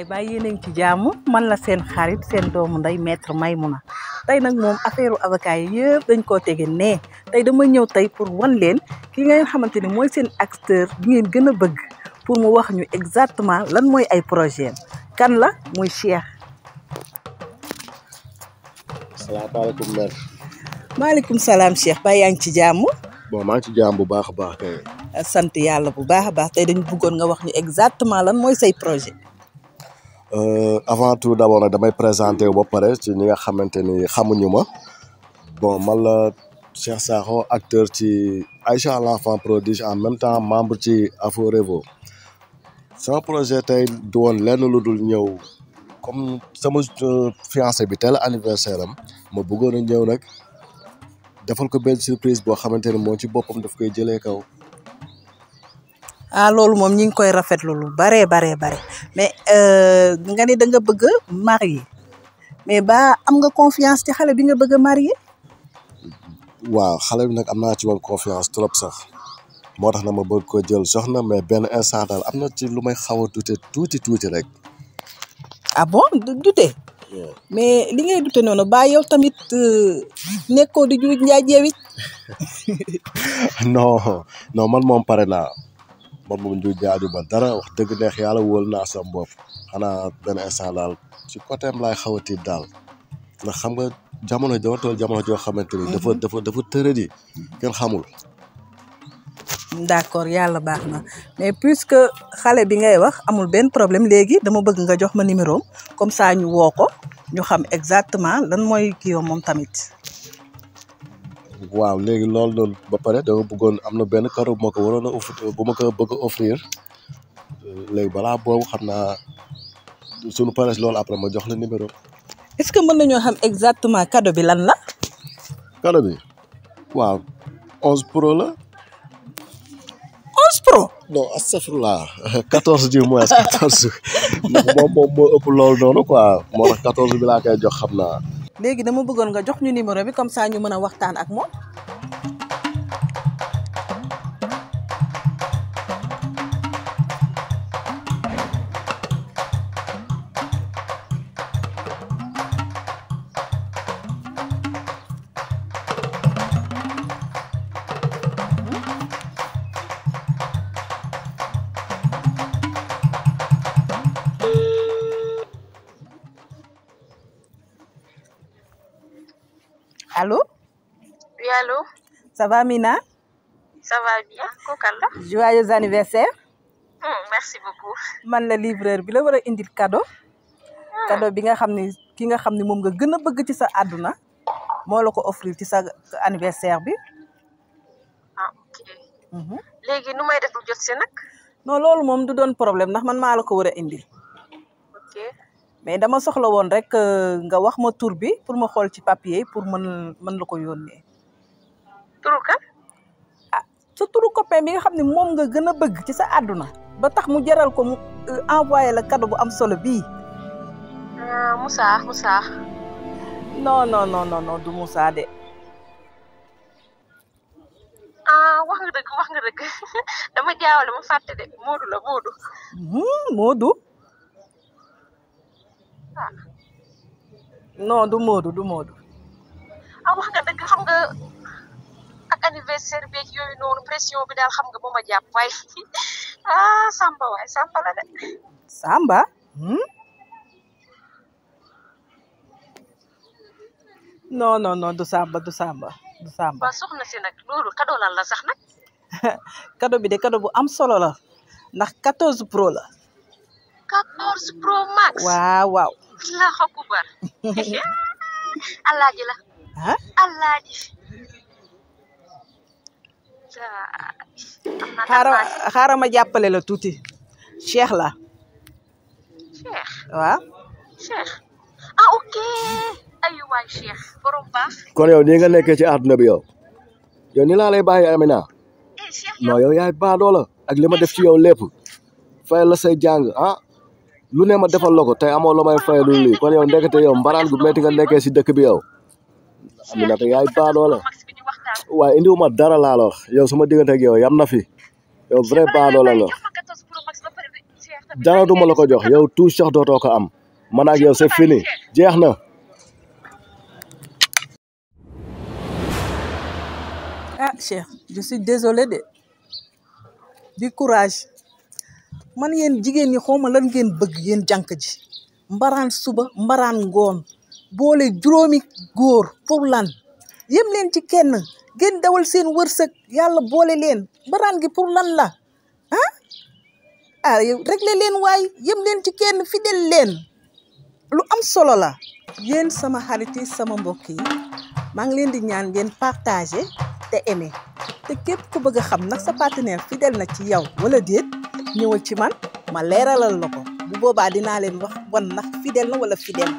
gaay ba yéen a ci jàmm man la seen xarit seen doomu nday maître maymuna tay nak mom affaireu avocat yi yeb dañ ko tege nee tay dama ñew tay pour wan leen ki nga xamanteni moy mooy seen acteur bi ngeen gëna bëgg pour mu wax ñu exactement lan moy ay projet kan la moy Cheikh. assalamu salaamaaleykum mère. alaykum salam Cheikh ba yaang ci jàmm. bo ma ci jàmm bu baax baax tay sante yalla bu baax baax tay dañ bëggoon nga wax ñu exactement lan moy say projet. Euh, avant tout d'abord, abord nag damay présenter wu ba pare ci ñi nga xamanteni xamuñuma bon mal, Cheikh Sakho acteur ci Aïcha l'enfant prodige en même temps membre ci aforevo Revo sama projet tay du woon lenn lu dul ñëw comme sama euh, fiancé bi tel anniversaire am ma bëggoon a ñëw nag defal ko benn surprise boo xamante ni moo ci boppam daf koy jëlee kaw ah lolou mom ñing koy rafet lolou bare bare bare mais euh, nga ni da nga bëgg marié mais ba am nga confiance ci xalé bi nga bëgg marié waaw xalé bi nak amna ci moom confiance trop sax motax na ma bëgg ko jël soxna mais ben instant dal amna ci lu may xaw a touti rek ah bon douté mais li ngay douté noonu ba yow tamit euh, nekkoo di juuj njaay non non man moom paré man moom ju jaaju ba dara wax dëgg neex yàlla wóol naa sam bopp xanaa benn instant daal ci côté am laay xaw a tiit daal ndax xam nga jamono joo tool jamono joo xamante ni dafa mhm. dafa dafa tëradi kenn xamul d'accord yàlla baax na mais que xale bi ngay wax amul benn problème léegi dama bëgg nga jox ma numéro comme ça ñu woo ko ñu xam exactement lan mooy kii moom tamit waaw léegi loolu noonu ba pare dama bëggoon am na benn cadeau bu ma ko waroon a offrir bu ma ko bëgg a offrir euh, léegi balaa boobu xam naa suñu paree loolu après ma jox na numéro. est-ce que mën nañoo exactement cadeau bi lan la. cadeau bi waaw 11 pro la. 11 pro. non astafurlah 14 du moins 14 moom moom moo ëpp loolu noonu quoi moo tax 14 bi laa jox xam naa. léegi dama bëggoon nga jox ñu numéro bi comme ça ñu mën a waxtaan ak moom. Allô Oui, allô Ça va, Mina Ça va bien. Kokal Joyeux anniversaire. Mm, merci beaucoup. man la livreur bi la war a indil cadeau. Hmm. cadeau bi nga xamni ki nga xamni mom nga gëna bëgg ci sa aduna mo la ko offrir ci sa anniversaire bi. ah ok. Mhm. léegi légui numay def jot ci nak non loolu mom du doon problème ndax man maa la ko war indi mais dama soxla woon rek euh, nga wax ma tur bi pour ma xool ci papier pour mën mën la ko yónnee. turu kan. ah sa turu copain bi nga xam ne moom nga gën a bëgg ci sa àdduna. ba tax mu jaral ko euh, envoyé la cadeau bu am solo bii. Euh, Moussa Moussa. non non non du Moussa de. Ah, wax nga dëgg wax nga dëgg dama jaawale ma fàtte de Moodu la Moodu. Hmm, tá? Não, do mudo, do mudo. Ah, wax nga dëgg xam nga ak anniversaire ak yooyu nonu pression bi dal xam nga ba japp way. ah Samba way, Samba la de. Samba. Hmm? non non non du Samba du Samba du Samba. Ba soxna si nak lolu cadeau la la sax nak. cadeau bi de cadeau bu am solo la ndax 14 pro la. 14 pro max. waaw waaw. allahu akbar. alaaji la. ah alaaji. xaaral xaaral ma jàppale la tuuti. Cheikh la. Cheikh. waaw. Cheikh ah ok. ayu waay Cheikh borom kon yo nii nga nekkee ci àdduna bi yow. yow ni laa lay bàyyi Amina. Eh, non yow yaay baadoo la ak li ma eh, def ci yow lépp. fay la say jàng ah. lu ne ma defal lako tay amo lamay fay lu li kon yow ndekete yow mbaral gu metti nga nekkee si dëkk bi yow aminata yaay do la indi wu ma dara laa la wax yow sama diggante ak yow yam na fi yow vrai do la la dara duma la ko jox yow tout sax doto ko am man ak yow c'est fini jeexna ah cher, je suis désolée de du courage man yeen jigen ni xoma lan ngeen bëgg yeen jank ji mbaran suba mbaran ngoon boole juroomi goor pour lan yem leen ci kenn ngeen dawal seen wërsëg yàlla boole leen mbaran gi pour lan la ah ah rek leen waay yem leen ci kenn fidèle leen lu am solo la yeen sama xarit sama mbokk yi maa ngi leen di ñaan ngeen partager te aimer te képp ku bëgg xam nag sa partenaire fidèle na ci yow wala déet ñëwal ci man ma leeralal la ko bu boobaa dinaa leen wax wan ndax fidèle na wala fidèle